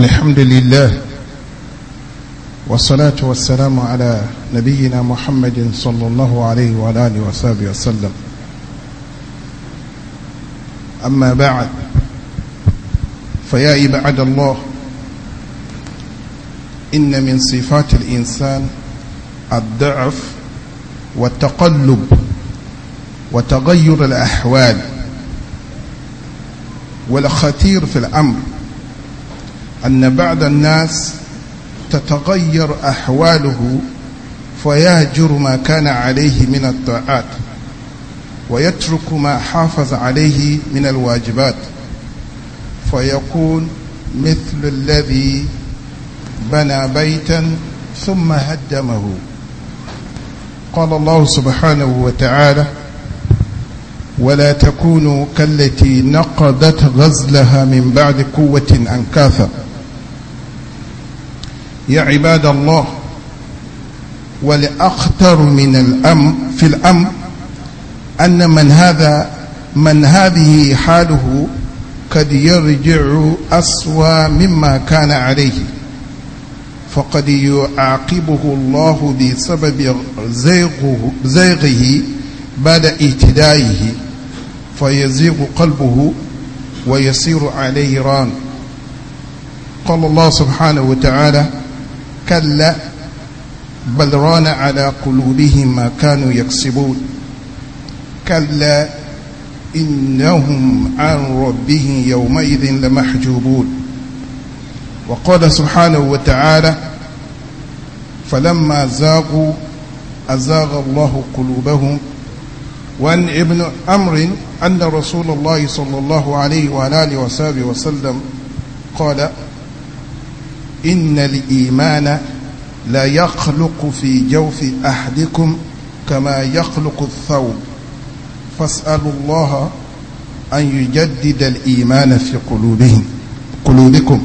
الحمد لله والصلاة والسلام على نبينا محمد صلى الله عليه وعلى آله وصحبه وسلم أما بعد فيا عباد الله إن من صفات الإنسان الضعف والتقلب وتغير الأحوال والخطير في الأمر أن بعض الناس تتغير أحواله فيهجر ما كان عليه من الطاعات ويترك ما حافظ عليه من الواجبات فيكون مثل الذي بنى بيتا ثم هدمه قال الله سبحانه وتعالى ولا تكونوا كالتي نقضت غزلها من بعد قوة أنكاثا يا عباد الله والأخطر من الأمر في الأمر أن من هذا من هذه حاله قد يرجع أسوأ مما كان عليه فقد يعاقبه الله بسبب زيغه, زيغه بعد اهتدائه فيزيغ قلبه ويصير عليه ران قال الله سبحانه وتعالى كلا بل ران على قلوبهم ما كانوا يكسبون كلا إنهم عن ربهم يومئذ لمحجوبون وقال سبحانه وتعالى فلما زاغوا أزاغ الله قلوبهم وأن ابن أمر أن رسول الله صلى الله عليه وآله وسلم قال إن الإيمان لا يخلق في جوف أحدكم كما يخلق الثوب فاسألوا الله أن يجدد الإيمان في قلوبهم قلوبكم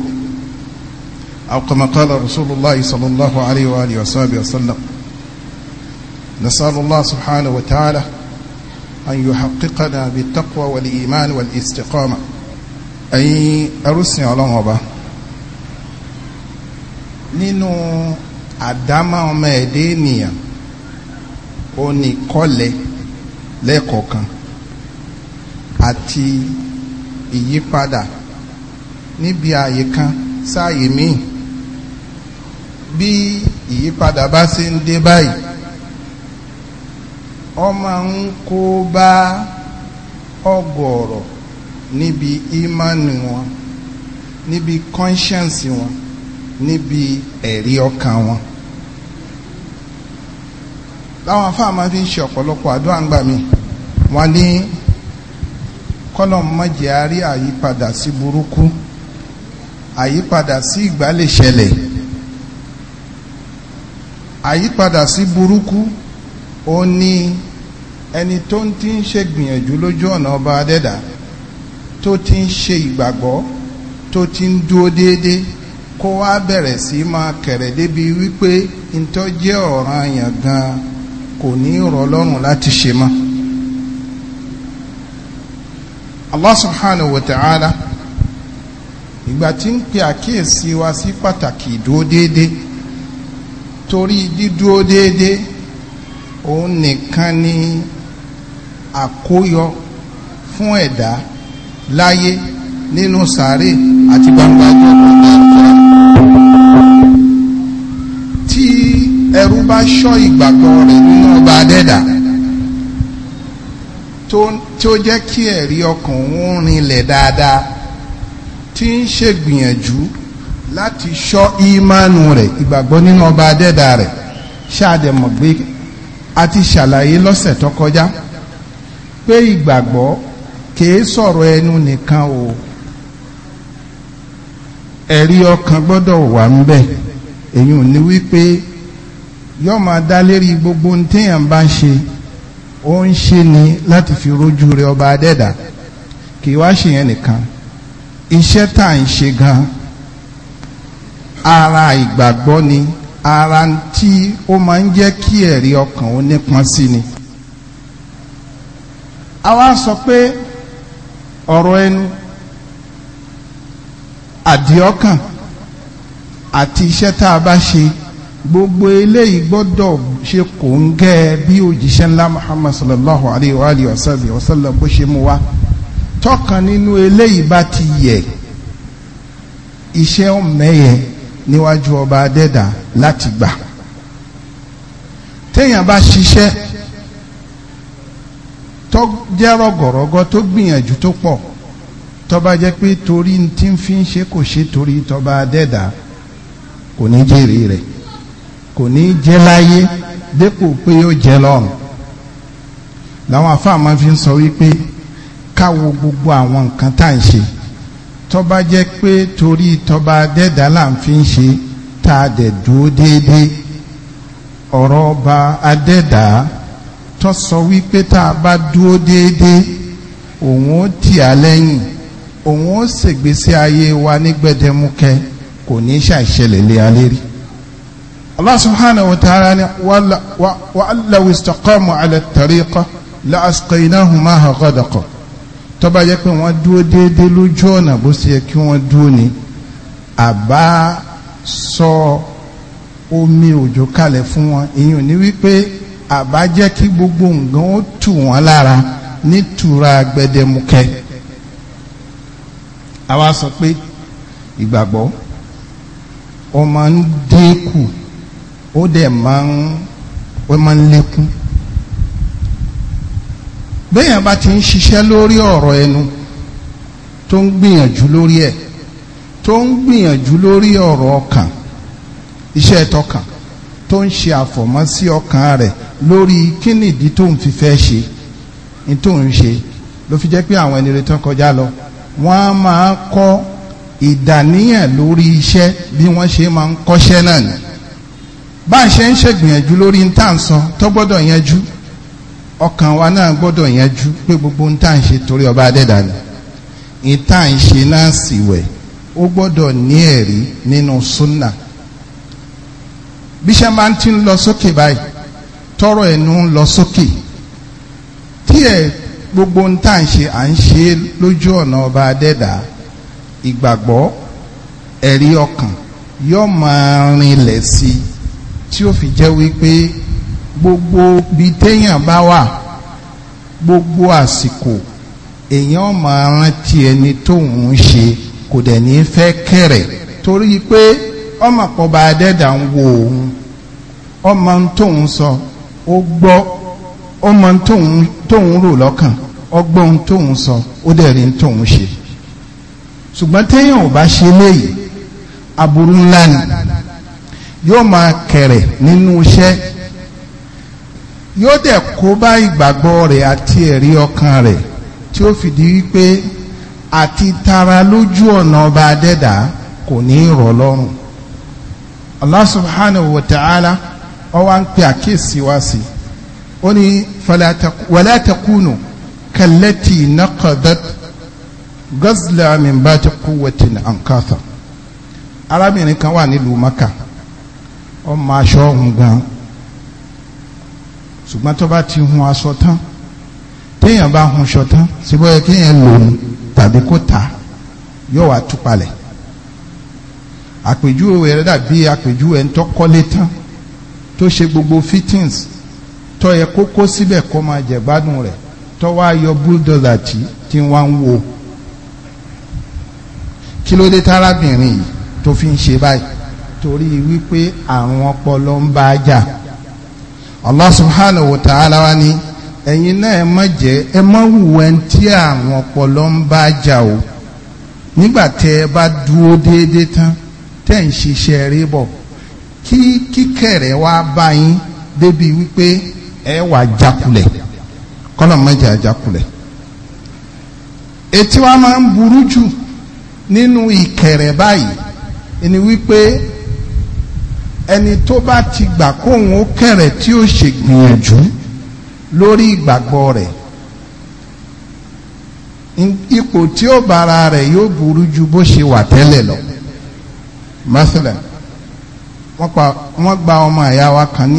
أو كما قال رسول الله صلى الله عليه وآله وصحبه وسلم نسأل الله سبحانه وتعالى أن يحققنا بالتقوى والإيمان والاستقامة أي أرسل الله وبعض nínú àdámá ọmọ ẹ̀dẹ́ ènìyàn ó ní kọ́lẹ̀ lẹ́ẹ̀kọ̀ọ̀kan àti ìyípadà níbi ààyè kan sáàyè míì bí ìyípadà bá ṣe ń dé báyìí ọmọ máa ń kó bá ọ̀gọ̀ọ̀rọ̀ níbi ìmánì wọn níbi conscience wọn níbi ẹ̀rí ọkàn wọn láwọn afáà máa fi ń ṣe ọ̀pọ̀lọpọ̀ àdúrà ń gbà mí wọn ní kọ́lọ̀ mọ́jẹ́ àárí àyípadà sí burúkú àyípadà sí ìgbà lè ṣẹlẹ̀ àyípadà sí burúkú ó ní ẹni tó ń ti ń ṣe gbìyànjú lójú ọ̀nà ọba adẹ́dà tó ti ń ṣe ìgbàgbọ́ tó ti ń dúó déédéé kó wá bẹ̀rẹ̀ sí máa kẹ̀rẹ̀ débi wípé ntọ́ jẹ́ ọ̀ràn àyàn gan kò ní rọ̀ lọ́rùn láti ṣe mọ́. Allah subhanahu wa ta'ala ìgbà tí ń pe àkíyèsí wa sí pàtàkì ìdúró déédéé torí dídúró déédéé òun nìkan ni àkóyọ fún ẹ̀dá láyé. E nínú sàárè àti gbangba ọjọ́ ọ̀gbọ̀n tí ẹrú bá ṣọ́ ìgbàgbọ́ rẹ̀ nínú ọba adẹ́dà tí ó jẹ́ kí ẹ̀rí ọkàn òun rinlẹ̀ dáadáa tí ń ṣègbìyànjú láti ṣọ́ ìmánu rẹ̀ ìgbàgbọ́ nínú ọba adẹ́dà rẹ̀ ṣáàdẹ̀mọ̀ gbé ṣàlàyé lọ́sẹ̀ tó kọjá pé ìgbàgbọ́ kìí sọ̀rọ̀ ẹnu nìkan o ẹ̀rí ọkàn gbọ́dọ̀ wà ń bẹ̀ èyí ò ní wípé yọ́ máa dá lérí gbogbo ohun téèyàn bá ń ṣe ó ń ṣe ni láti fi rójú rẹ ọba adẹ́dà kì í wá ṣe yẹn nìkan iṣẹ́ tá à ń ṣe gan ara ìgbàgbọ́ ni ara tí ó máa ń jẹ́ kí ẹ̀rí ọkàn ó nípọn sí ni a wá sọ pé ọ̀rọ̀ ẹnu àdìọ́kàn àti iṣẹ́ tá a bá ṣe gbogbo eléyìí gbọ́dọ̀ ṣe kò ń gẹ́ bí òjíṣẹ́ ńlá Muhammad sallallahu alayhi wa alihi wa sallam bó ṣe mú wa tọ́kan nínú eléyìí bá ti yẹ iṣẹ́ ọ̀mẹ́yẹ níwájú ọba adẹ́dà láti gbà téèyàn bá ṣiṣẹ́ tó jẹ́ rọ̀gọ̀rọ̀gọ̀ tó gbìyànjú tó pọ̀ tọ́ba jẹ́ pé torí tí ń fi ń ṣe kò ṣe torí tọ́ba adẹ́dà kò ní jèrè rẹ̀ kò ní jẹ́ láyé dépò pé yóò jẹ́ lọ́run làwọn afáàmọ́ fi ń sọ wípé káwo gbogbo àwọn nǹkan tá à ń ṣe tọ́ba jẹ́ pé torí tọ́ba adẹ́dà là ń fi ń ṣe tá a dẹ̀ dúró déédéé ọ̀rọ̀ ọba adẹ́dà tó sọ wípé tá a bá dúró déédéé òun ó tì á lẹ́yìn òun ó ṣègbésí ayé wa ní gbẹdẹmukẹ kò ní ṣàìṣẹlẹ̀ lé alérí Allah subhanahu wa ta'ala ni wa alaw istaqamu ala tariqa la asqaynahum maha ghadaqa tó bá jẹ́ pé wọ́n dúró déédéé lójú ọ̀nà bó ṣe yẹ kí wọ́n dúró ni àbá sọ omi òjò kalẹ̀ fún wọn ìyẹn ní wípé àbá jẹ́ kí gbogbo nǹkan ó tù wọ́n lára nítura gbẹdẹmukẹ àwa sọ pé ìgbàgbọ́ ó máa ń dínkù ó dẹ̀ máa ń ó máa ń lékún béèyàn bá ti ń ṣiṣẹ́ lórí ọ̀rọ̀ ẹnu tó ń gbìyànjú lórí ẹ̀ tó ń gbìyànjú lórí ọ̀rọ̀ ọkàn iṣẹ́ tọkàn tó ń ṣe àfọ̀mọ́sí ọkàn rẹ̀ lórí kíni ìdí tó ń fi fẹ́ ṣe ní tó ń ṣe ló fi jẹ́ pé àwọn ẹni retán kọjá lọ wọ́n á máa kọ́ ìdàníyàn lórí iṣẹ́ bí wọ́n ṣe máa ń kọ́ṣẹ́ náà ni bá a ṣe ń ṣègbìyànjú lórí ń tà ń sọ tó gbọ́dọ̀ yanjú ọkàn wa náà gbọ́dọ̀ yanjú pé gbogbo ń tà ń ṣe torí ọba adẹ́dà ni ń tà ń ṣe náà sì wẹ̀ ó gbọ́dọ̀ ní ẹ̀rí nínú súnà bí iṣẹ́ máa ń ti lọ sókè báyìí tọrọ ẹnu ń lọ sókè tí ẹ̀ gbogbo ń tà ń ṣe à ń ṣe lójú ọ̀nà ọba adẹ́dà ìgbàgbọ́ ẹ̀rí ọkàn yóò máa rinlẹ̀ sí i tí ó fi jẹ́ wípé gbogbo bí téèyàn bá wà gbogbo àsìkò èèyàn máa rántí ẹni tóun ń ṣe kò dẹ̀ ní fẹ́ kẹ̀rẹ̀ torí pé ọmọ pọ̀ adẹ́dà ń wo òun ọmọ tóun sọ ó gbọ́ ó mọ tóun tóun rò lọ́kàn ọgbọ́n tóun sọ ó dẹ̀ rí tóun ṣe ṣùgbọ́n téèyàn ò bá ṣe léyìí aburú ńlá ni yóò máa kẹ̀rẹ̀ nínú iṣẹ́ yóò dẹ̀ kó bá ìgbàgbọ́ rẹ̀ àti ẹ̀rí ọkàn rẹ̀ tí ó fìdí wípé àti tara lójú ọ̀nà ọba adẹ́dà kò ní rọ̀ lọ́rùn Allah subhanahu wa ta'ala ó wá ń pe àkíyèsí wá sí i ó ní wàlá takunu kallati naqadat gazla min ba'di quwwatin ankatha arábìnrin kan wà nílùú maka ó máa aṣọ ọ̀hún gan ṣùgbọ́n tó bá ti hun aṣọ tán téèyàn bá hun aṣọ tán síbọ̀ yẹ kéèyàn lòun tàbí kó tà yóò wá tú palẹ̀ àpèjúwe rẹ̀ dàbí àpèjúwe ń tọ́ tán tó ṣe gbogbo fittings tọ́ yẹ kó kó síbẹ̀ kó máa jẹ̀ gbádùn rẹ̀ tọ́ wá yọ búldọ́zà tí tí wọ́n ń wo kí ló yìí tó fi ń ṣe báyìí torí wípé àrùn ọpọlọ ń bá a jà Allah subhanahu wa ta'ala wa ni ẹ̀yin náà ẹ má jẹ́ ẹ má wùwẹ́ tí àrùn ọpọlọ ń bá a jà o nígbà tẹ́ ẹ bá dúró déédéé tán tẹ́ ń ṣiṣẹ́ rí bọ̀ kí kíkẹ̀rẹ̀ wá bá débi wípé ẹwà wà jákulẹ̀ kọ́nà mẹ́jẹ etí wa máa ń burú jù nínú ìkẹ̀rẹ̀ báyìí ẹni wípé ẹni tó ti gbà se ó kẹ̀rẹ̀ tí ó ṣe gbìyànjú lórí ìgbàgbọ́ rẹ ipò tí ó bára yóò burú ju bó ṣe wà tẹ́lẹ̀ lọ gba ọmọ ìyá wa kan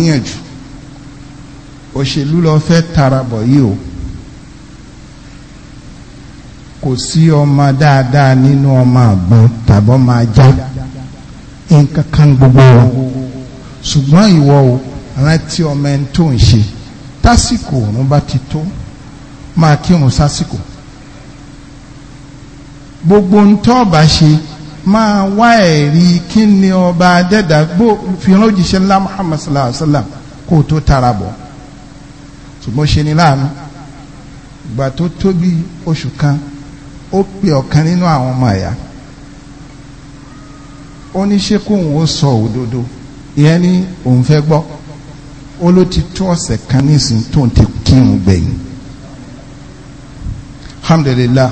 òṣèlú lọ fẹ́ tarabọ̀ yìí o kò sí ọmọ dáadáa nínú ọmọ àgbọn tàbọ́ máa já nǹkan kan gbogbo wọn ṣùgbọ́n ìwọ o rántí ọmọ ẹni tó ń ṣe tásìkò òun bá ti tó máa kírun sásìkò gbogbo ń tọ́ bá ṣe máa wá ẹ̀rí kí ni ọba adẹ́dàgbò fi ránjíṣẹ́ ńlá Muhammad sallallahu alaihi wa sallam kó o tó tara bọ̀ ṣùgbọ́n ṣe ni láàánú ìgbà tó tó bí oṣù kan ó pe ọ̀kan nínú àwọn ọmọ ẹ̀yà ó ní ṣé kóun ó sọ òdodo ìyẹn ní òun fẹ́ gbọ́ ó ló ti tó ọ̀sẹ̀ kan nísìnyí tóun ti kírun gbẹ̀yìn alhamdulillah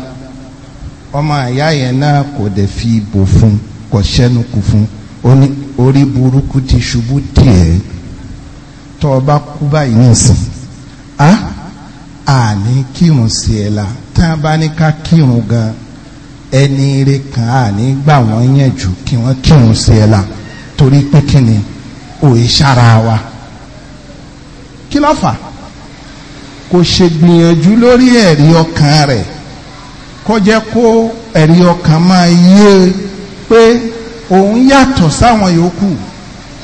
ọmọ àyá yẹn náà kò dẹ̀ fi ibò fún kò ṣẹ́nu kù fún orí burúkú ti ṣubú díẹ̀ tó o bá kú báyìí nísìnyí á àní kírun sí ẹ la tí wọ́n bá ní ká kírun gan ẹni eré kan àní gbà wọ́n yẹn jù kí wọ́n kírun sí ẹ la torí pé kí ni òye sára wa kí ló fà kò ṣe gbìyànjú lórí ẹ̀rí ọkàn rẹ̀ kó jẹ́ kó ẹ̀rí ọkàn máa yé pé òun yàtọ̀ sáwọn yòókù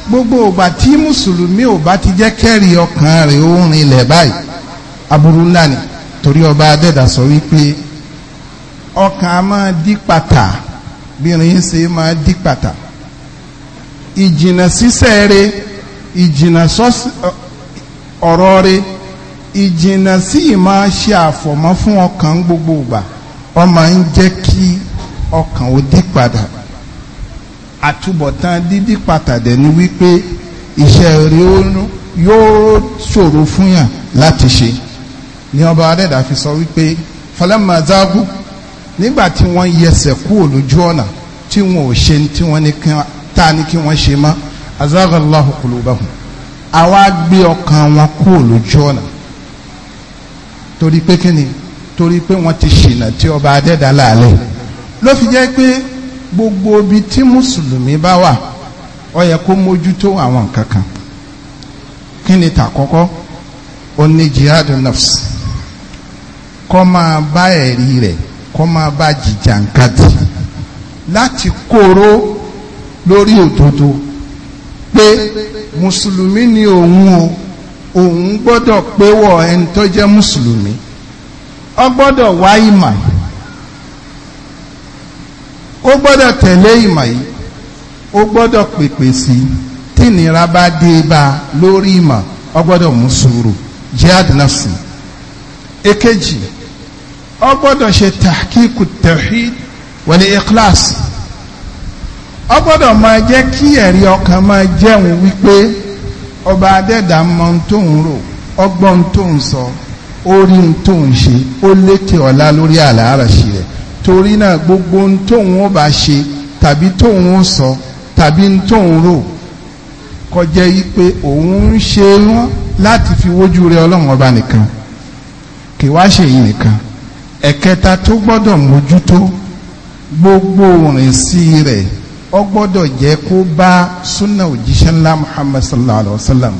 gbogbo ìgbà tí mùsùlùmí ò bá ti jẹ́ kẹ́rí ọkàn rẹ̀ ó rinlẹ̀ báyìí aburú ńlá ni torí ọba adẹ́dà sọ wípé ọkàn á máa dí pàtà bí irin ṣe máa dí pàtà ìjìnà sísẹ́ rẹ̀ ìjìnà ọ̀rọ̀ rẹ̀ ìjìnà sí ìmáa ṣe àfọ̀mọ́ fún ọkàn gbogbo ìgbà ó máa ń jẹ́ kí ọkàn ó dí padà àtúbọ̀tán dídí pàtàdé ni wípé iṣẹ́ yóò ṣòro fún yàn láti ṣe ni ọba adẹ́dà fi sọ wípé falamma nígbà tí wọ́n yẹsẹ̀ kúrò lójú ọ̀nà tí wọn ò ṣe tí wọ́n ní kí tá ní kí wọ́n ṣe mọ́ azagallahu qulubahum àwa gbé ọkàn wọn kúrò lójú ọ̀nà torí pé kí ni torí pé wọ́n ti ṣìnà tí ọba adẹ́dà láàlẹ́ ló fi jẹ́ pé gbogbo ibi tí mùsùlùmí bá wà ó yẹ kó mójútó àwọn nǹkan kan kí ni tàkọ́kọ́ ó ní jihad nafs kọ́ máa bá ẹ̀rí rẹ̀ kọ́ máa bá jìjàǹkadì láti kóró lórí òdodo pé mùsùlùmí ni òun o òun gbọ́dọ̀ péwọ̀ ẹni tó jẹ́ mùsùlùmí ọ gbọ́dọ̀ wá ìmọ̀ ó gbọ́dọ̀ tẹ̀lé ìmọ̀ yìí ó gbọ́dọ̀ pèpè sí tí ìnira bá dé bá ọ gbọ́dọ̀ mú sùúrù jihad nafsi Ekeji, ọ gbọ́dọ̀ ṣe tahqiqu tawhid wal iklas, ọ gbọ́dọ̀ máa jẹ́ kí ẹ̀rí ọkàn máa jẹun wípé ọba adẹ́dà mọ tó ń rò ọgbọ́n tó ń sọ orí tó ń ṣe ó lékè ọ̀la lórí àlàáràṣì rẹ̀ torí náà gbogbo tóun ó bá ṣe tàbí tóun ó sọ tàbí tóun rò kọjá yí pé òun ń ṣe wọ́n láti fi wójú rẹ̀ ọlọ́run ọba nìkan kì wá ṣe yìí nìkan ẹ̀kẹta tó gbọ́dọ̀ mójútó gbogbo rìn sí rẹ̀ ó gbọ́dọ̀ jẹ́ kó bá súnà òjíṣẹ́ ńlá Muhammad sallallahu alayhi wa sallam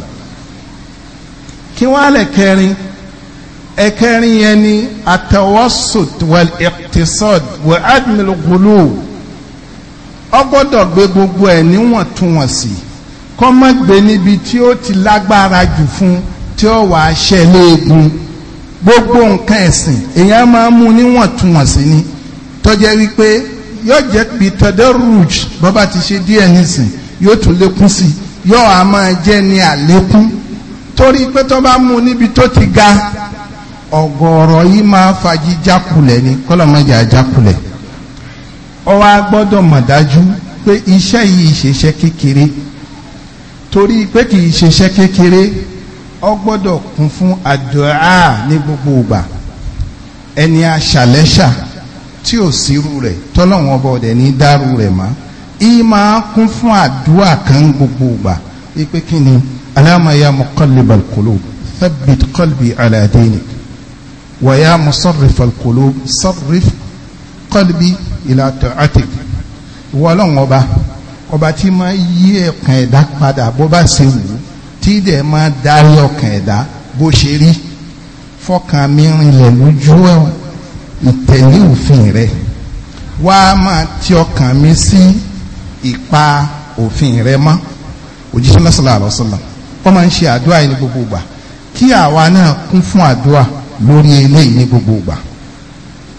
kí wọ́n á lè kẹrin ẹ̀kẹrin yẹn ni atawasut wal iqtisad wa admil gulu ó gbọ́dọ̀ gbé gbogbo ẹ̀ níwọ̀ntúnwọ̀nsì kọ́ mọ́ gbé níbi tí ó ti lágbára jù fún tí ó wàá ṣẹlẹ̀ egun gbogbo nǹkan ẹ̀sìn èèyàn máa mú níwọ̀ntúnwọ̀nsì ni tọ́jẹ́ wípé yóò jẹ́ bí tọ́dẹ́ rouge bọ́bá ti ṣe díẹ̀ nísìn yóò tún lékún sí yóò á máa jẹ́ ní àlékún torí pé tó bá mú níbi tó ti ga ọ̀gọ̀ọ̀rọ̀ yìí máa fagi jákulẹ̀ ni kọ́lọ́mọjà jákulẹ̀ ó wá gbọ́dọ̀ mọ̀ dájú pé iṣẹ́ yìí ṣeṣẹ́ kékeré torí pé kì í ṣeṣẹ́ kékeré ọ gbọ́dọ̀ kún fún àdúrà ní gbogbo ìgbà ẹni aṣàlẹ́ṣà tí ò sírú rẹ̀ tọ́lọ́wọ́n ọba ọ̀dẹ̀ ní dárú rẹ̀ mọ́ ìyí máa kún fún àdúrà kan gbogbo ìgbà wípé kí ni alama ya muqallibal qulub thabbit qalbi ala dinik wa ya musarrifal qulub sarrif qalbi ọba ọba tí máa yí ẹ̀kan ẹ̀dá padà bó bá ṣe wù ú tí dẹ̀ máa darí ọkàn ẹ̀dá bó ṣe rí fọkàn mi rinlẹ̀ lójú ìtẹ̀lé òfin rẹ̀ wá máa ti ọkàn mi sí ipa òfin rẹ̀ mọ́ òjíṣẹ́ náà sallallahu alaihi wasallam wọ́n máa ń ṣe àdúrà yìí ní gbogbo ìgbà kí àwa náà kún fún àdúrà lórí eléyìí ní gbogbo ìgbà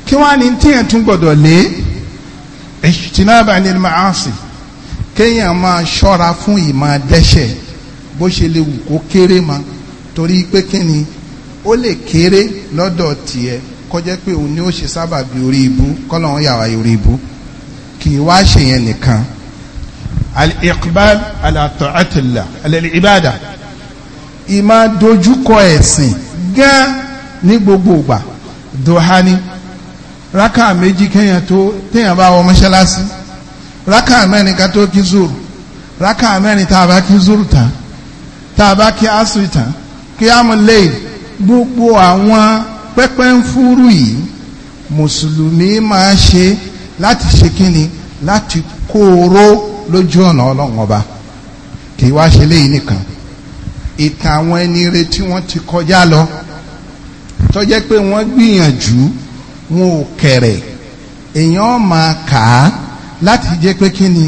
kí wọ́n á ní tíyẹn tún gbọ́dọ̀ lé ijtinaba anil ma'asi kéèyàn máa ṣọ́ra fún ìmọ̀ dẹ́ṣẹ̀ bó ṣe lè wù kó kéré ma torí pé kí ni ó lè kéré lọ́dọ̀ tiẹ̀ kọjá pé òun ni ó ṣe sábà bí orí ibú kọ́lọ́hún yàrá orí ibú kì í wá ṣe yẹn nìkan al-iqbal ala ta'atillah al-ibada ìmá dojúkọ ẹ̀sìn gán ní gbogbo ìgbà dohani rákà méjì kéèyàn tó téèyàn bá wọ mọ́ṣáláṣí raka mẹ́rin ká tó kí zuru rákà mẹ́rin tá a bá kí zuru tán tá a bá kí asiri tán kí amúlẹ̀ gbogbo àwọn pẹ́pẹ́ ń fúrú yìí mùsùlùmí máa ṣe láti ṣe kíni láti kóró lójú ọ̀nà ọlọ́run ọba kì í wá ṣe léyìí nìkan ìtàn àwọn ẹni ire tí wọ́n ti kọjá lọ tó jẹ́ pé wọ́n gbìyànjú wọn ò kẹ̀rẹ̀ èèyàn máa kà á láti jẹ́ pé kíni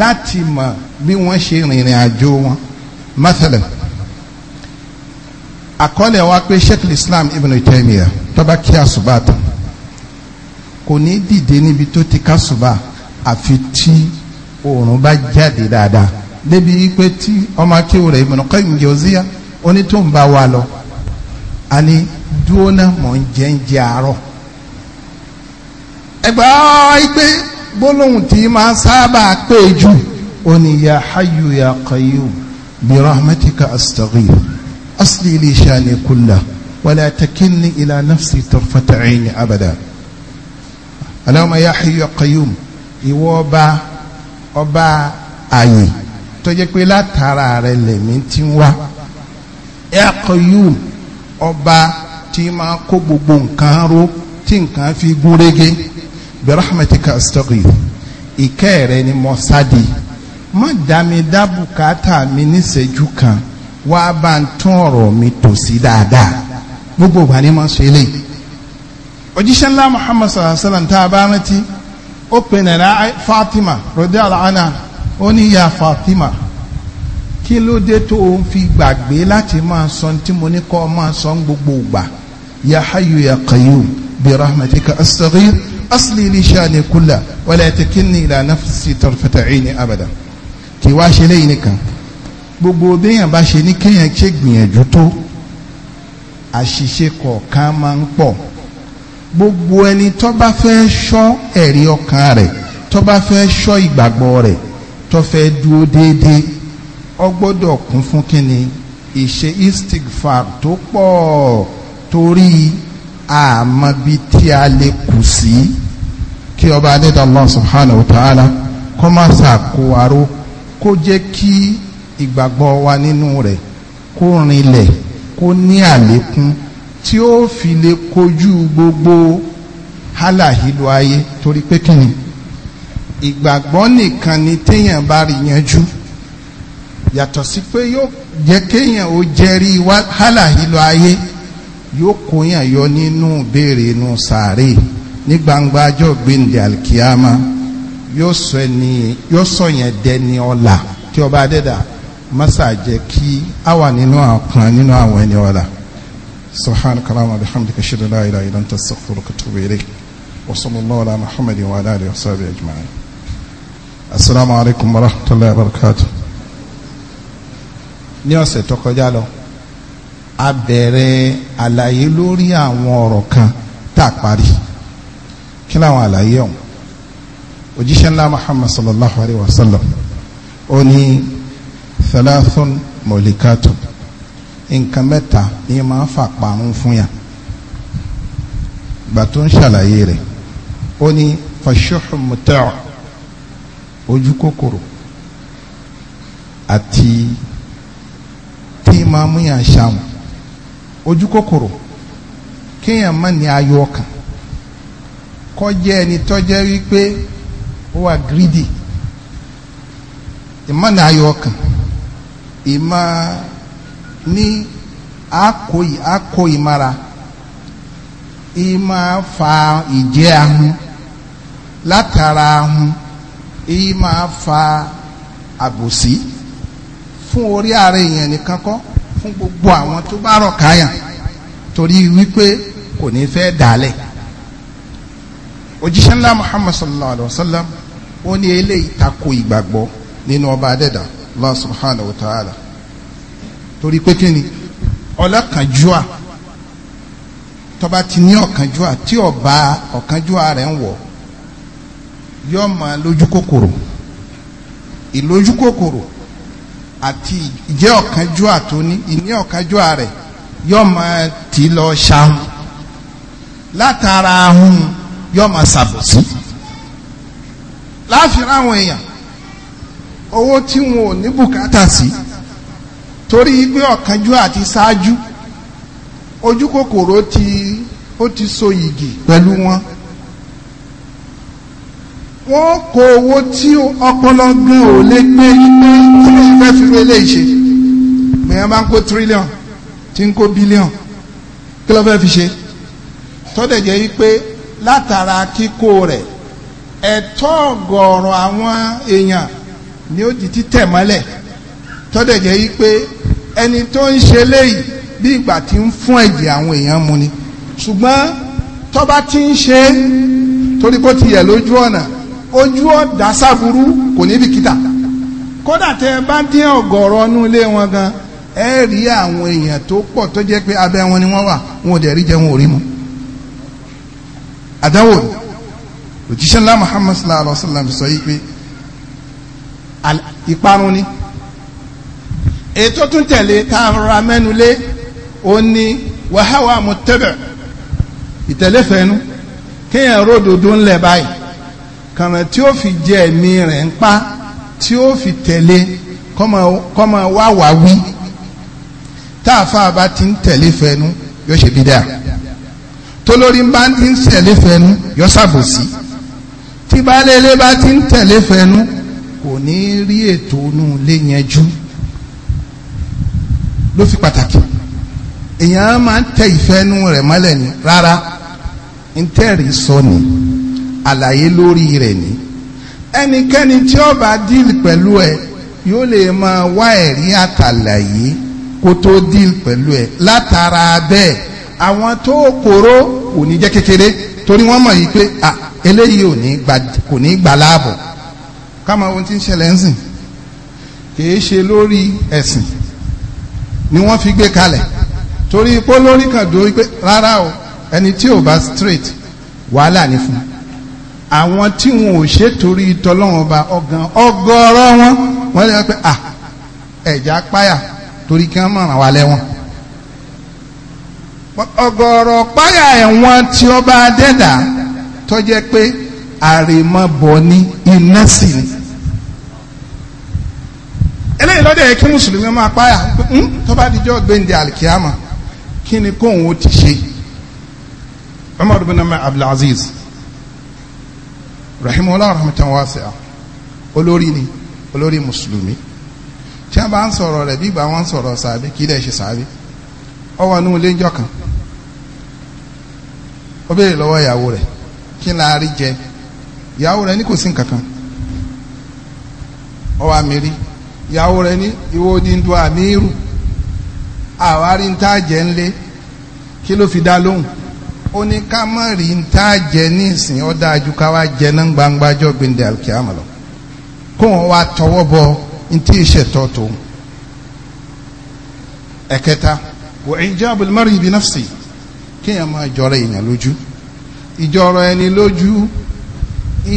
láti mọ̀ bí wọ́n ṣe rìnrìn àjò wọn mathalan àkọọ́lẹ̀ wa pé sheikh islam ibn taymiya tọ́ba kí àṣùbà tán kò ní dìde níbi tó ti kásùbà àfi tí oòrùn bá jáde dáadáa débi wípé tí ọmọ akéwò rẹ̀ ibn qayyim jawziya oní tó ń bá wa lọ a ní dúró náà mọ̀ ń jẹ́ ń jẹ́ àárọ̀ ẹgbàá igbe gbólóhùn tí máa sábà pé jù ya ya برحمتك أستغيث أصلي لي شاني كله ولا تكلني إلى نفسي طرفة عيني أبدا اللهم يا حي يا قيوم ìwọ ọba ọba ààyè tó jẹ́ pé látara rẹ̀ lèmi ti ń wá ya qayyum ọba tí máa kó gbogbo nǹkan ró tí nǹkan fi gún régé bi rahmatika astaghith ìkẹ́ rẹ̀ ni mo sáde má dá mi dá bùkátà mi níṣẹ́jú kan wá bá ń tún ọ̀rọ̀ mi tò sí dáadáa gbogbo wa ni mo ṣe lè òjíṣẹ́ ńlá Muhammad sallallahu alaihi wa sallam tá a bá rántí ó pè nàrà Fatima radiyallahu anha ó ní ya Fatima kí ló dé tó o ń fi gbàgbé láti máa sọ tí mo ní kọ́ máa sọ gbogbo ìgbà ya hayyu ya qayyum bi rahmatika astaghir asli li shani kulla wala takinni ila nafsi tarfata aini abada kì í wá ṣe léyìn nìkan gbogbo béèyàn bá ṣe ní kéèyàn ṣe gbìyànjú tó àṣìṣe kọ̀ọ̀kan máa ń pọ̀ gbogbo ẹni tó bá fẹ́ ṣọ́ ẹ̀rí ọkàn rẹ̀ tó bá fẹ́ ṣọ́ ìgbàgbọ́ rẹ̀ tó fẹ́ dúró déédéé ó gbọ́dọ̀ kún fún kínni ìṣe istigfar tó pọ̀ torí àmọ́bi tí a lè kù sí kí ọba adédọ́lá subhanahu wa ta'ala kọ́ máa ṣàkóharó kó jẹ́ kí ìgbàgbọ́ wa nínú rẹ̀ kó rinlẹ̀ kó ní àlékún tí ó fi lè kojú gbogbo hálàhílò ayé torí pé kí ni ìgbàgbọ́ nìkan ni téèyàn bá rí yanjú yàtọ̀ sí pé yóò jẹ́ kéèyàn ó jẹ́rí hálàhílò ayé yóò kóyàn yọ nínú béèrè inú sàárè ní gbangba ajọ́ gbẹ̀ndẹ̀ alkiyama yóò sọ ẹni yóò sọ yẹn dẹni ọ̀la tí ọba adẹ́dà masa jẹ́ kí a wà nínú àkàn nínú àwọn ẹni ọ̀la subhanaka allahumma bihamdika ashhadu an la ilaha illa anta astaghfiruka wa atubu wa sallallahu ala muhammadin wa ala alihi wa sahbihi ajma'in assalamu alaikum wa rahmatullahi wa barakatuh ní ọ̀sẹ̀ tó kọjá lọ a bẹ̀rẹ̀ àlàyé lórí àwọn ọ̀rọ̀ kan tá a parí kí làwọn àlàyé ọ̀hún òjíṣẹ́ ńlá muhammad sallallahu alayhi wa sallam ó ní thalathun mọ̀lìkàtù nǹkan mẹ́ta ní máa fà parun fún yà gbà tó ń ṣàlàyé rẹ̀ ó ní fashuhu mutẹ́ọ̀ ojú kòkòrò àti tí máa mú yàn ṣàwọn ojú kòkòrò kéèyàn má ní ayọ̀ ọkàn kọjá ẹni tọ́jẹ́ wípé ó wà greedy ìmọ̀ náà ayọ̀ ọkàn ìmọ̀ ní àkóyì àkóyì mara ìmọ̀ fa ìjẹ́ ahun látara ahun ìmọ̀ fa àbòsí fún orí ara èèyàn nìkan kọ́ fún gbogbo àwọn tó bá rọ̀ káyà torí wípé kò ní fẹ́ dàálẹ̀ òjíṣẹ́ ńlá Muhammad sallallahu alaihi wa sallam wọ́n ní eléyìí tako ìgbàgbọ́ nínú ọba adẹ́dà Allah subhanahu torí pé kí ni ọlọ́kànjúà tọba ti ní ọ̀kánjúà tí ọba ọ̀kánjúà rẹ̀ ń wọ̀ yọ máa lójú kòkòrò ìlójú kòkòrò àti ìjẹ́ ọ̀kánjúà tó ní ìní ọ̀kánjúà rẹ̀ yọ máa tì lọ ṣahun látara ahun yọ máa ṣàbòsí láàfin ráwọn èèyàn owó tí wọn ò ní bùkátà sí torí pé ọ̀kanjú àti ṣáájú ojú kòkòrò ti ó ti so yìgì pẹ̀lú wọn wọ́n kó owó tí ọpọlọ gan ò lè gbé gbé tí wọ́n fẹ́ fi wọlé ìṣe mìíràn bá ń kó tírílíọ̀n tí ń kó bílíọ̀n kí ló fẹ́ fi ṣe tọ́dẹ̀ jẹ́ wípé látara kíkó rẹ̀ ẹ̀tọ́ ọ̀gọ̀ọ̀rọ̀ àwọn èèyàn ni ó di títẹ̀ mọ́lẹ̀ tọ́dẹ̀ jẹ́ yí pé ẹni tó ń ṣe léyìí bí ìgbà tí ń fún ẹ̀jẹ̀ àwọn èèyàn mu ni ṣùgbọ́n tọ́ba ti ń ṣe torí ti lójú ọ̀nà ojú ọ̀dà kò kódà tẹ ẹ bá dín ọ̀gọ̀ọ̀rọ̀ ọnú ilé wọn gan ẹ rí àwọn èèyàn tó pọ̀ tó jẹ́ pé wọn ni wọ́n òjíṣẹ́ ńlá Muhammad sallallahu alaihi wa sallam sọ yìí pé ìparun ni ètò tún tẹ̀lé tá a rọra mẹ́nu lé ó ní wàháwà mọ̀tẹ́bẹ̀ ìtẹ̀lẹ́fẹ̀ẹ́nu kéèyàn ródòdó ńlẹ̀ báyìí kànáà tí ó fi jẹ ẹ̀mí rẹ̀ ń pa tí ó fi tẹ̀lé kọ́mọ wá wá wí tá a fa bá ti ń tẹ̀lé yóò ṣe bí dáa tó lórí bá ń tẹ̀lé yóò ṣàbòsí tí baálé ilé bá ti ń tẹ̀lé fẹnu kò ní rí ètò inú ilé yẹn jú ló fi pàtàkì èèyàn máa ń tẹ ìfẹ́nu rẹ̀ mọ́lẹ̀ ni rárá ń tẹ̀rí sọ ni àlàyé lórí rẹ̀ ni ẹnikẹ́ni tí ó bá díìlì pẹ̀lú ẹ yóò lè máa wá ẹ̀rí àtàlàyé kó tó díìlì pẹ̀lú ẹ látara bẹ́ẹ̀ àwọn tó kóró kò ní jẹ́ kékeré torí wọ́n mọ̀ yìí pé ah eléyìí ò ní gba kò ní gba láàbọ̀ káma ohun tí ń ṣẹlẹ̀ ń sìn kìí ṣe lórí ẹ̀sìn ni wọ́n fi gbé kalẹ̀ torí pé lórí kan dúró pé rárá o ẹni tí ò bá straight wàhálà ní fún àwọn tí wọn ò ṣètòrí tọlọ́wọ́n ba ọ̀gàn ọgọ́rọ́ wọn wọ́n lè pẹ́ à ẹ̀já páyà torí kí wọ́n mọ̀ràn wá lẹ́wọ̀n ọgọ́rọ̀ páyà ẹ̀wọ̀n tí ọba adẹ́dàá tọ́jẹ́ pé àrèmabọ̀ ni iná sì ni eléyìí lọ́dẹ̀ yẹ kí mùsùlùmí máa páyà hmm, tó bá dijọ́ gbẹ̀ǹdẹ̀ àlìkíyàmà kí ni kóun ó ti ṣe Umar bin Abdulaziz rahimahullah rahmatan wasi'a olórí ni olórí mùsùlùmí tí wọ́n bá ń sọ̀rọ̀ rẹ̀ bí ìgbà wọn sọ̀rọ̀ sàbí kí lè ṣe sàbí ọwọ́ inú ilé ń kan ó béèrè lọ́wọ́ ìyàwó rẹ̀ kí la rí jẹ ìyàwó rẹ ní kò sí nǹkan kan ọwọ́ àmìrí ìyàwó rẹ ní ìwọ ní ndu àmìírù àwárí ń tá jẹ ńlé kí ló fi dá lóhùn ó ní ká má rí ń tá jẹ ní ìsìn ó dáa ju ká wá jẹ ní gbangba jọ gbẹndẹ alkiyama lọ kó wọn wá tọwọ́ bọ ntí ìṣètò tòun ẹ̀kẹta wọ ìjábùl mar'i bi nafsi kéèyàn máa jọra èèyàn lójú ìjọrọ ẹni lójú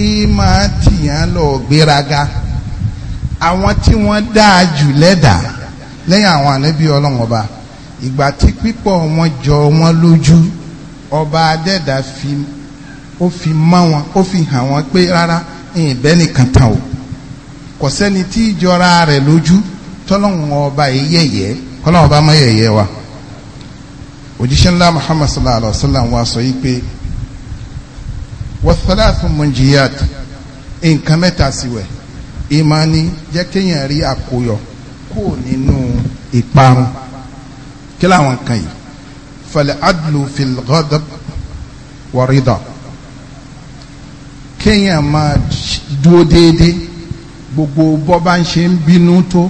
ìmọ̀ tìyàn lọ gbéraga àwọn tí wọ́n dáa jù lẹ́dà lẹ́yìn àwọn ànábì ọlọ́run ọba ìgbà tí pípọ̀ wọn jọ wọn lójú ọba adẹ́dà fi ó fi mọ́ wọn ó fi hàn wọ́n pé rárá ìbẹ́ nìkan tán o kò sẹ́ni tí ìjọra rẹ̀ lójú tọ́lọ́run ọba yìí yẹ̀yẹ́ kọ́lọ́run ọba mọ́ yẹ̀yẹ́ wa òjíṣẹ́ ńlá Muhammad sallallahu alaihi wa sallam wa sọ yìí pé wọ́sálàtún mọ̀jìyàt nǹkan mẹ́ta síwẹ̀ ìmání jẹ́ kéèyàn rí àkóyọ kó nínú ìparun kí láwọn kan yìí fẹlẹ̀ adlu fil ghadab warida kéèyàn máa dúó déédé gbogbo bó bá ń ṣe ń bínú tó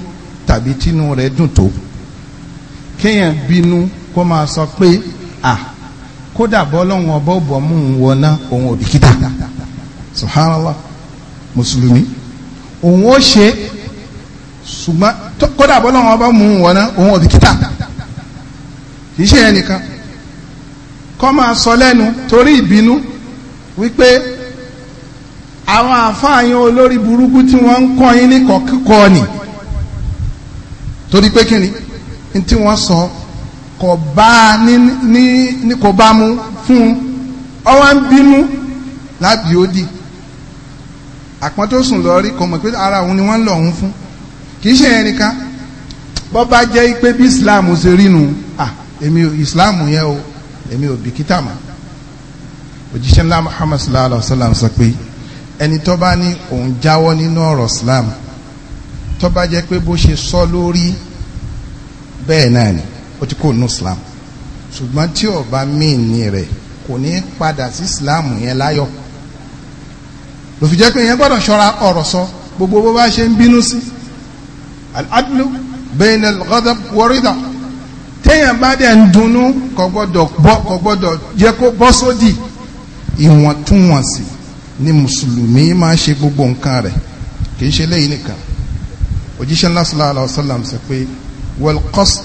tàbí tínú rẹ̀ dùn tó kéèyàn bínú kó máa sọ pé ah kódà bọ́lọ́hún ọba ọbọ̀ mú un wọná òun ò bìkítà subhanallah mùsùlùmí òun ó ṣe ṣùgbọ́n kódà bọ́lọ́hún ọba mú un wọná òun ò bìkítà kì í ṣe ẹnìkan kọ́ máa sọ lẹ́nu torí ìbínú wípé àwọn àfáàyàn olórí burúkú tí wọ́n ń kọ́ yín ní kọ̀ọ̀kọ́ ni torí pé kí ni tí wọ́n sọ. So, kò bá ní ní kò bá mú fún ọwọ́ ń bínú lábì ó dì àpọ́n tó sùn lọ rí kò mọ̀ pé ara òun ni wọ́n lọ òun fún kì í ṣe ẹnìkan bọ́ bá jẹ́ pé bí islam ṣe rí nu à èmi islam yẹn o èmi ò bìkítà mọ́ òjíṣẹ́ ńlá muhammad sallallahu alayhi wa sallam sọ pé ẹni tó bá ní òun jáwọ́ nínú ọ̀rọ̀ islam tó bá jẹ́ pé bó ṣe sọ lórí bẹ́ẹ̀ náà ni ó ti kó nù islam ṣùgbọ́n tí ó bá mìíní rẹ̀ kò ní padà sí islam yẹn láyọ̀ ló fi jẹ́ pé yẹn gbọ́dọ̀ ṣọ́ra ọ̀rọ̀ sọ gbogbo bó bá ṣe ń bínú sí al-adlu bayna al-ghadab wa ridha téèyàn bá dẹ̀ ń dunnú kò gbọ́dọ̀ bọ́ kò gbọ́dọ̀ jẹ́ kó bọ́ sódì ìwọ̀ntúnwọ̀nsì ni mùsùlùmí máa ṣe gbogbo nǹkan rẹ̀ kì í ṣe lẹ́yìn nìkan òjíṣẹ́ ńlá sallallahu alaihi wasallam sọ pé wal qasd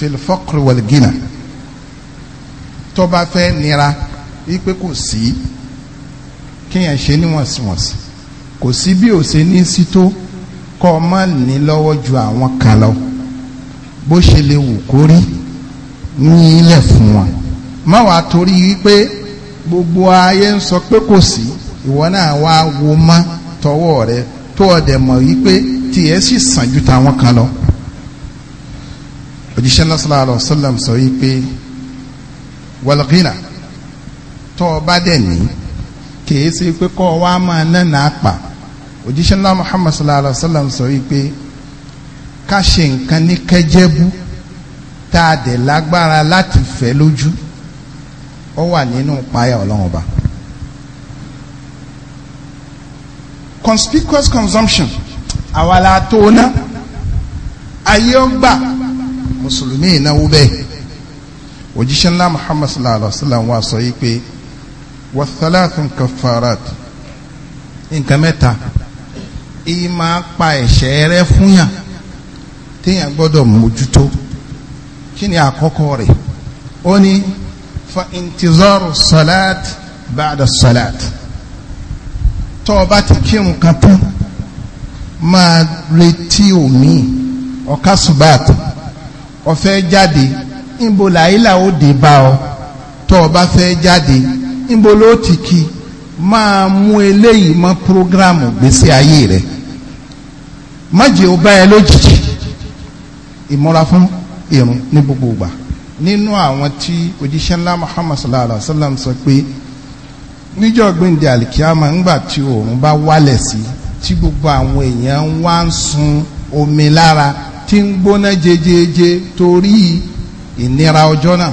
filfokr walgina tó bá fẹ́ nira wípé kò sí kéèyàn ṣe níwọ̀nsìwọ̀nsì kò sí bí ò ṣe ní sí tó kọ́ ọ má ní lọ́wọ́ ju àwọn kan lọ bó ṣe lè wù kó rí ní ilẹ̀ fún wọn má wàá torí wípé gbogbo ayé ń sọ pé kò sí ìwọ náà wá wo má tọwọ́ rẹ tó ọ̀dẹ̀ mọ̀ wípé tiẹ̀ sì sàn ju tàwọn kan lọ òjíṣẹ́ sallallahu alaihi wasallam sọ wípé wàlgínà tó o bá dẹ̀ ní kìí ṣe pé kọ́ ọ wá máa nánà àpà òjíṣẹ́ ńlá Muhammad sallallahu alaihi wasallam sọ wípé ká ṣe nǹkan ní kẹjẹ́bú tá a dẹ̀ lágbára láti fẹ́ lójú ó wà nínú páyà ọlọ́run ọba. conspicuous consumption àwa la tó ná ayé ó mùsùlùmí ìnáwó bẹ́ẹ̀ òjíṣẹ́ ńlá muhammad sallallahu alaihi wa sallam wa sọ yìí pé wathalathun kafarat nǹkan mẹ́ta ìyí máa pa ẹ̀ṣẹ̀ rẹ fúnyà téèyàn gbọ́dọ̀ mójútó kí ni àkọ́kọ́ rẹ̀ ó ní fa intizaru salat ba'da salat tó o bá ti kírun kan tán máa retí omi ọ̀kasùbàtàn ọ̀fẹ́ jáde níbo làílà ó dé bá ọ tó o bá fẹ́ jáde níbo ló ti kí máa mú eléyìí mọ́ prógrámù gbèsè ayé ma má jẹ́ ó bá ẹ lójijì ìmúra fún irun ní gbogbo ìgbà nínú àwọn tí òjíṣẹ́ ńlá Muhammad sallallahu alaihi wa sallam sọ pé níjọ́ alikiyama ńgbà tí oòrùn bá wálẹ̀ sí tí gbogbo àwọn èèyàn wá ń sun tí ń gbóná jejeje torí ìnira ọjọ́ náà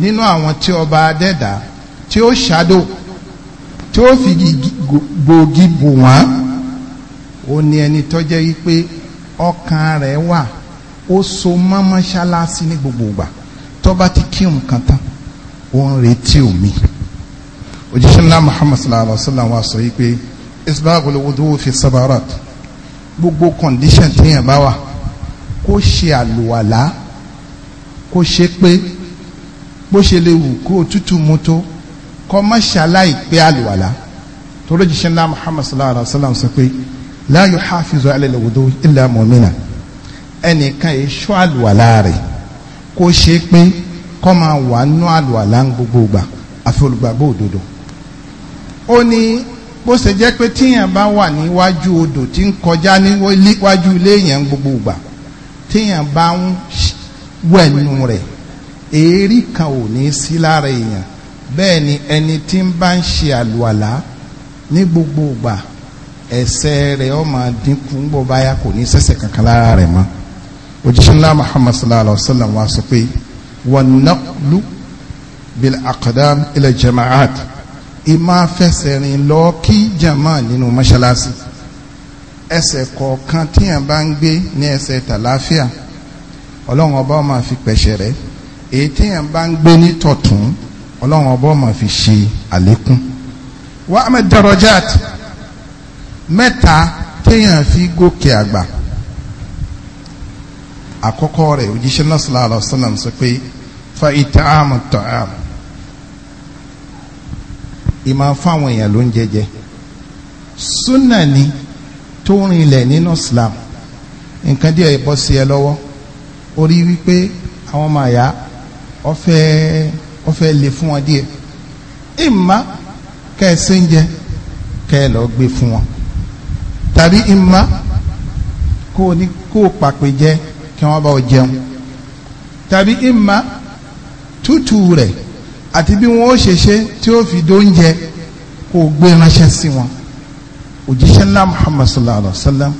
nínú àwọn tí ọba adẹ́dà tí ó ṣàdó tí ó fi gbòógì bò wọ́n ó ní ẹni tọ́jẹ́ wípé ọkàn rẹ̀ wà ó so mọ́ ní gbogbo ìgbà tó ti kí nǹkan tán ó ń retí omi òjíṣẹ́ ńlá Muhammad sallallahu alaihi wa sallam wa sọ yìí pé isbagul wudu fi sabarat gbogbo condition téèyàn bá wà kó ṣe àlùwàlá kó ṣe pé bó ṣe lè wù kó òtútù mú tó kọ́ má ṣàláì pé àlùwàlá torí jíṣẹ́ ńlá Muhammad sallallahu alaihi wa sallam sọ pé la yuhafizu ala al-wudu illa mu'mina ẹnìkan èso àlùwàlá rẹ̀ kó ṣe pé kọ́ máa wà nú àlùwàlá ń gbogbo gbà àfi olùgbàgbọ́ òdodo ó ní bó ṣe jẹ́ pé tíyàn bá wà níwájú odò tí ń kọjá níwájú ilé yẹn ń gbogbo gbà téèyàn bá ń wẹ̀nu rẹ̀ èérí kan ò ní sí lára èèyàn bẹ́ẹ̀ ni ẹni tí ń bá ń ṣe àlùwàlá ní gbogbo ìgbà ẹ̀ṣẹ̀ rẹ̀ ó dínkù ń bọ̀ báyà kò ní ṣẹ̀ṣẹ̀ kankan lára rẹ̀ mọ́ òjíṣẹ́ ńlá muhammad sallallahu alaihi wa sallam wa sọ pé wọn naqlu bil aqdam ila jama'at ìmáa fẹsẹ̀ lọ kí jama nínú mọ́ṣáláṣí ẹsẹ̀ kọ̀ọ̀kan tí yẹn bá ń gbé ní ẹsẹ̀ tàlàáfíà ọlọ́run ọba ó máa fi pẹ̀ṣẹ̀ rẹ̀ èyí tí yẹn bá ń gbé ní tọ̀tún ọlọ́run ọba ó máa fi ṣe àlékún. wàá mẹ́ darajat mẹ́ta téèyàn fi gòkè àgbà àkọ́kọ́ rẹ̀ òjíṣẹ́ náà sallallahu alaihi wasallam sọ pé fa ìtààmù tààmù ìmọ̀ fáwọn èèyàn ló ń jẹjẹ súnà ni tó rinlẹ̀ nínú Islam nǹkan díẹ̀ bọ́ sí ẹ lọ́wọ́ ó rí wípé àwọn ọmọ àyà ọfẹ́ ọfẹ́ lè fún wọn díẹ̀ ìmá kẹ ẹ séńjẹ kẹ ẹ lọ gbé fún wọn tàbí ìmá kó o ní kó o pàpè jẹ kí wọn bá o jẹun tàbí ìmá tútù rẹ̀ àti bí wọn ó ṣe ṣe tí ó fi dóúnjẹ kó o gbé ránṣẹ́ sí wọn òjíṣẹ́ ńlá muhammad sallallahu alaihi wa sallam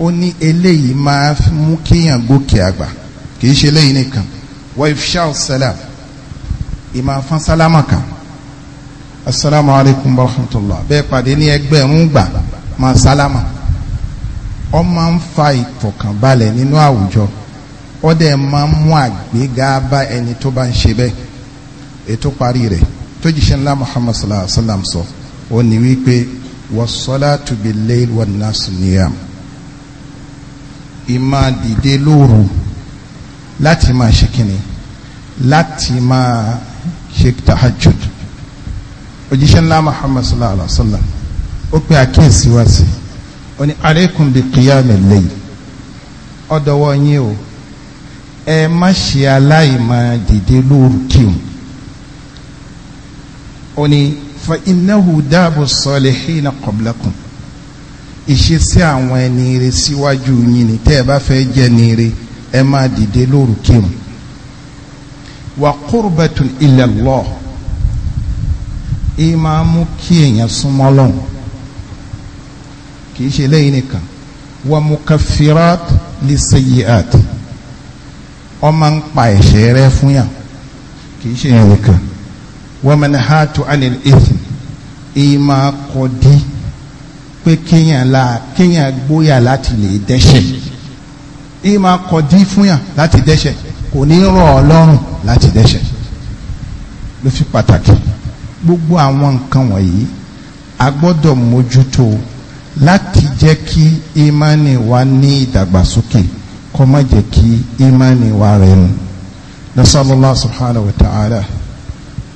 ó ní eléyìí máa mú kéèyàn gòkè àgbà kì í ṣe eléyìí nìkan wa salam ìmọ̀ afán sálámà kan asalaamu alaykum wa rahmatulah bẹ́ẹ̀ pàdé ní ẹgbẹ̀rún gbà máa sálámà ọ máa ń fa ìfọ̀kànbalẹ̀ nínú àwùjọ ọ dẹ̀ máa ń mú àgbéga bá ẹni tó bá ń ṣe bẹ́ẹ̀ ètò parí rẹ̀ tó ńlá muhammad sallallahu alayhi wa sallam sọ ó ní wípé wassalatu bil-layl wan-nasu niyam ìmá dìde lóru láti máa ṣe kíni láti máa ṣe tahajjud òjíṣẹ́ ńlá muhammad sallallahu alaihi wa sallam ó pe àkíyèsí wá sí ó ní alaykum bi qiyamil layl ọ̀dọ̀wọ́ yín o ẹ má ṣe aláìmọ̀ dìde lóru kí o ó ní fa innahu daabu salihina qablakum ìṣesí àwọn ẹni rẹ síwájú yín ni tẹ́ ẹ bá fẹ́ jẹ́ ni rẹ ẹ máa dìde lóru kírun wa qurbatun ila Allah ẹ máa mú kí èèyàn súnmọ́ lọ́hùn kì í ṣe lẹ́yìn nìkan wa mukaffirat li sayyi'at ó máa ń pa ẹ̀ṣẹ̀ rẹ fún yàn kì í ṣe nìkan wa manhatu anil ithm èyí máa kọ́ dé pé kéèyàn la kéèyàn gbóyà láti lè dẹ́ṣẹ̀ èyí máa kọ́ dé fúnyàn láti dẹ́ṣẹ̀ kò ní rọ̀ ọ́ lọ́rùn láti dẹ́ṣẹ̀ ló fi pàtàkì gbogbo àwọn nǹkan wọ̀nyí a gbọ́dọ̀ mójútó láti jẹ́ kí ìmánì wa ní ìdàgbàsókè kó má jẹ́ kí ìmánì wa rẹnu nasallallahu subhanahu wa ta'ala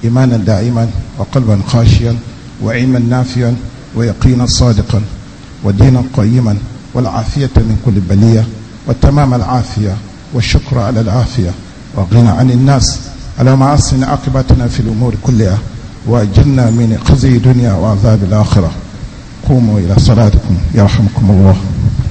imanan da'iman wa qalban khashiyan وعلما نافعا ويقينا صادقا ودينا قيما والعافية من كل بلية وتمام العافية والشكر على العافية وغنى عن الناس على معاصينا عاقبتنا في الأمور كلها وأجلنا من خزي الدنيا وعذاب الآخرة قوموا إلى صلاتكم يرحمكم الله